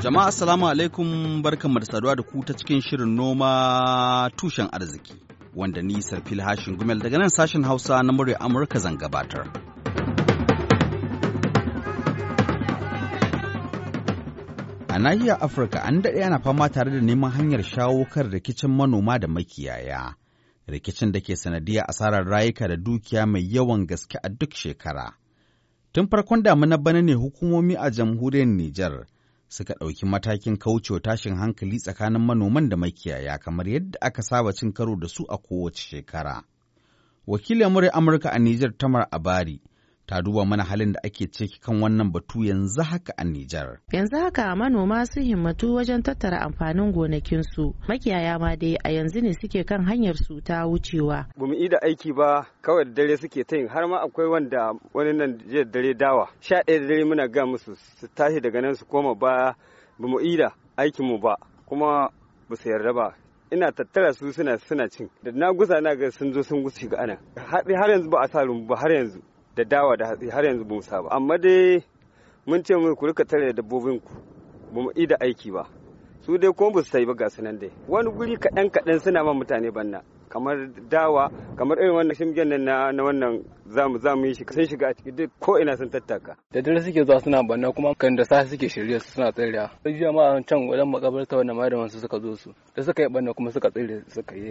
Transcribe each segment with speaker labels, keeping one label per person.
Speaker 1: Jama'a assalamu alaikum barkanmu da saduwa da ku ta cikin shirin noma tushen arziki wanda ni Sarfil Hashin Gumel daga nan sashen Hausa na murya Amurka zan gabatar. A nahiyar Afirka an daɗe ana fama tare da neman hanyar shawo kan rikicin manoma da makiyaya. rikicin da ke sanadiyar asarar rayuka da dukiya mai yawan gaske a duk shekara. Tun farkon damuna bana ne hukumomi a jamhuriyar Nijar suka ɗauki matakin kaucewa tashin hankali tsakanin manoman da makiyaya kamar yadda aka saba cin karo da su a kowace shekara. Wakilin murya Amurka a Nijar Tamar Abari ta duba mana halin da ake ciki kan wannan batu yanzu haka a Nijar.
Speaker 2: Yanzu haka manoma sun himmatu wajen tattara amfanin gonakinsu. Makiyaya ma dai a yanzu ne suke kan hanyar su ta wucewa.
Speaker 1: Ba mu da aiki ba kawai da dare suke ta yin har ma akwai wanda wani nan jiya dare dawa. Sha ɗaya da dare muna ga musu su tashi daga nan su koma ba ba mu da aikin mu ba kuma ba su yarda ba ina tattara su suna cin da na gusa na ga sun zo sun gusi ga ana har yanzu ba a sa rumbu har yanzu da dawa da hatsi har yanzu bamu sa ba amma dai mun ce mai ku rika tare da dabbobin ku ba mu ida aiki ba su dai ko ba su sai ba ga sunan dai wani guri kaɗan kaɗan suna ma mutane banna kamar dawa kamar irin wannan shimgen nan na wannan zamu zamu yi shi sun shiga a ciki duk ko ina sun tattaka da dare suke zuwa suna banna kuma kan da sai suke shirye su suna tsirya sai jiya ma an can wajen makabarta wannan malaman su suka zo su da suka yi banna kuma suka tsire suka yi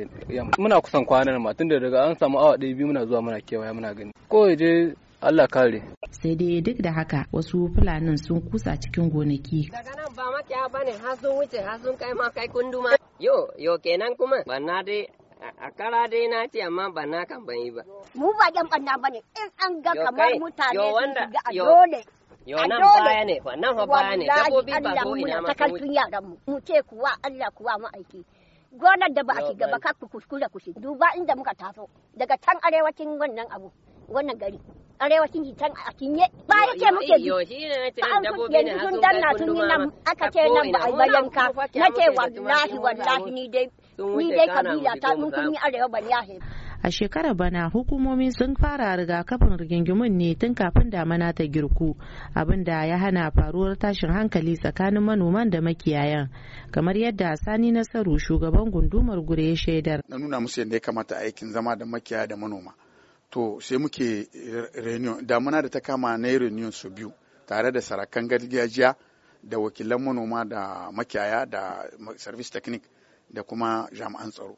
Speaker 1: muna kusan kwanan ma tunda daga an samu awa ɗaya biyu muna zuwa muna kewaya muna gani ko je Allah kare.
Speaker 2: Sai dai duk da haka wasu fulanin sun kusa cikin gonaki. Daga nan ba makiya bane har sun wuce har sun kai ma kai kunduma.
Speaker 1: Yo, yo kenan kuma. Banna dai a kara dai na ce amma ba na kan ban yi ba
Speaker 2: mu ba yan ba
Speaker 3: ne in an ga kamar mutane su ga a dole
Speaker 2: a nan baya ne, wannan fa baya ne, dabbobi ba ko ina ma ta wuce.
Speaker 3: yaran mu, mu ce kuwa Allah kuwa ma'aiki. Gonar da ba a shiga ba ka kuskure kushi, duba inda muka taso, daga can arewacin wannan abu, wannan gari. arewacin hitan a kinye ba ce muke bi ba yanzu sun danna sun yi nan aka ce nan ba a bayan ka na ce wallahi wallahi ni dai ni dai kabila ta mun kun yi arewa ban yahe
Speaker 2: a shekarar bana hukumomi sun fara rigakafin rigingimin ne tun kafin damana ta girku abinda ya hana faruwar tashin hankali tsakanin manoman da makiyayan kamar yadda sani nasaru shugaban gundumar gure shaidar
Speaker 3: na nuna musu yadda ya kamata aikin zama da makiyaya da manoma to sai muke reunion damuna da ta kama na reunion su biyu tare da sarakan gargajiya da wakilan manoma da makiyaya da service technique da kuma jami'an tsaro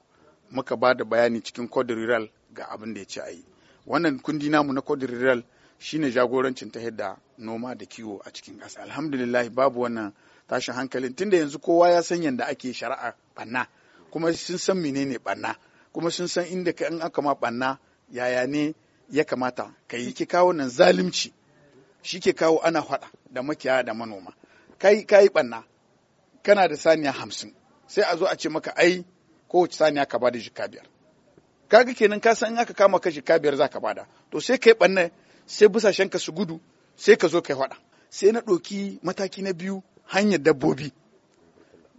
Speaker 3: muka ba da bayani cikin code rural ga abin da ya ci a yi wannan kundi namu na code rural shine jagorancin ta yadda noma da kiwo a cikin ƙasa alhamdulillah babu wannan tashin hankalin tunda yanzu kowa ya san yadda ake shari'a banna kuma sun san menene banna kuma sun san inda in aka ma banna yaya ne ya kamata ka yi ki kawo nan zalimci shi ke kawo ana faɗa da makiyaya da manoma kai kai banna kana da saniya hamsin sai a zo a ce maka ai kowace saniya ka bada jika biyar kaga kenan ka san in aka kama ka jika biyar za ka bada to sai kai banna sai busashen ka su gudu sai ka zo kai faɗa sai na ɗoki mataki na biyu hanyar dabbobi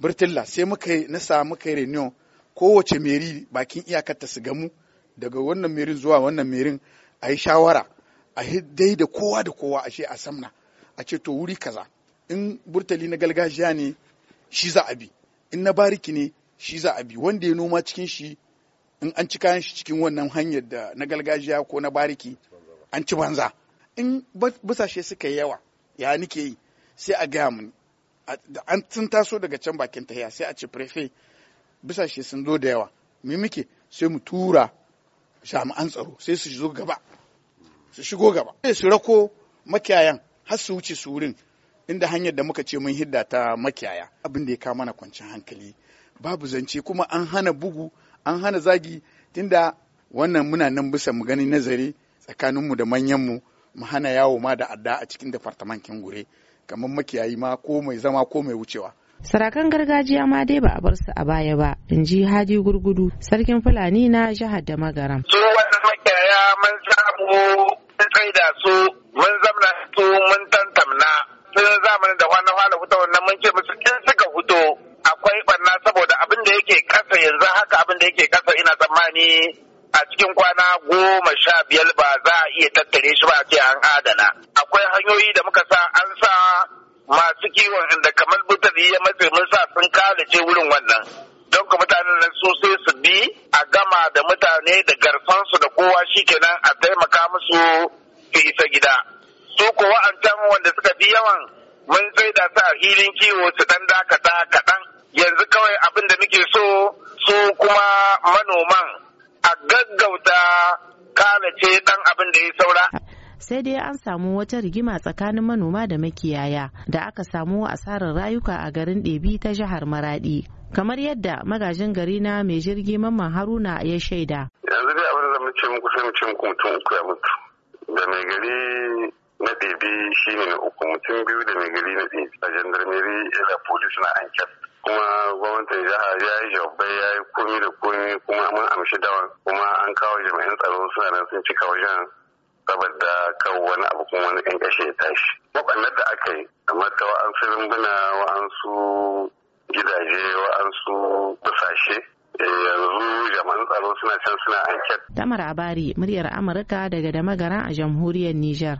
Speaker 3: birtilla sai muka na sa muka yi reunion kowace meri bakin iyakar ta su gamu daga wannan merin zuwa wannan merin a yi shawara a dai da kowa da kowa a ce a samna a ce to wuri kaza in burtali na galgajiya ne shi za a bi in na bariki ne shi za a bi wanda ya noma cikin shi in an ci kayan shi cikin wannan hanyar da na galgajiya ko na bariki an ci banza in busashe suka yi yawa ya nike yi sai a gaya mun an sun taso daga can bakin tahiya sai a ce prefe busashe sun zo da yawa me muke sai mu tura jami'an tsaro sai su zo gaba su shigo gaba sai su rako makiyayan har su wuce su wurin inda hanyar da muka ce mun hidda ta makiyaya abin da ya kama mana kwancin hankali babu zance kuma an hana bugu an hana zagi tunda wannan muna nan bisa mu gani nazari tsakaninmu da manyanmu mu hana yawo ma da adda a cikin departamentin gure kamar makiyayi ma ko mai zama ko mai wucewa
Speaker 2: sarakan gargajiya ma dai ba a bar su a baya ba in ji hadi gurgudu sarkin fulani na jihar da magaram su wannan makiyaya
Speaker 1: mun samu mun da su mun zamna su mun tantamna sun zamanin da kwana fara fito wannan mun ce musu in suka fito akwai barna saboda abin da yake kasa yanzu haka abin da yake kasa ina tsammani a cikin kwana goma sha biyar ba za a iya tattare shi ba a ce an adana akwai hanyoyi da muka sa an sa masu kiwon inda kamar butar ya mace mun sa sun kalace wurin wannan don ka mutanen nan su sai su bi a gama da mutane da garfansu da kowa shikenan a taimaka musu su isa gida su ko wa'ancan wanda suka fi yawan mun sai da su a filin kiwo su dan dakata kaɗan yanzu kawai abin da muke so su kuma manoman a gaggauta kalace dan abin da ya
Speaker 2: saura sai dai an samu wata rigima tsakanin manoma da makiyaya da aka samu asarar rayuka a garin ɗebi ta jihar maradi kamar yadda magajin gari na mai jirgi mamman haruna ya shaida
Speaker 3: yanzu dai abin da muku sai mu muku mutum uku ya mutu
Speaker 1: da mai gari na ɗebi shi ne na uku mutum biyu da mai gari na ɗebi a jandarmeri polis na kuma gwamnatin jiha ya yi jabbai ya yi komi da komi kuma mun amshi dawan kuma an kawo jami'an tsaro suna nan sun cika wajen saboda kan wani abu kuma wani yan ya tashi mabannar da aka yi kamar ta wa'ansu rumbuna wa'ansu gidaje wa'ansu busashe eh, yanzu jama'an tsaro suna can suna anket.
Speaker 2: Tamar Abari, muryar Amurka daga Damagara a jamhuriyar Nijar.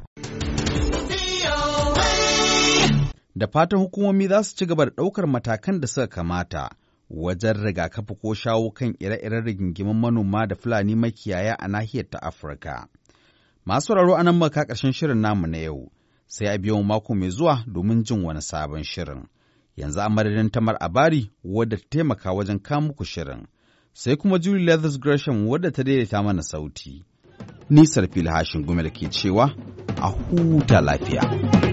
Speaker 1: Da fatan hukumomi za su ci gaba da ɗaukar matakan da suka kamata wajen rigakafi ko shawo kan ire-iren rigingimin manoma da Fulani makiyaya a nahiyar ta Afirka. Masu raro anan maka ƙarshen shirin namu na yau, sai a biyo mako mai zuwa domin jin wani sabon shirin. Yanzu a madadin tamar abari wadda ta taimaka wajen muku shirin, sai kuma Julie Leathers Gresham wadda ta daidaita mana sauti. Nisar filhashin hashin gumel ke cewa a huta lafiya.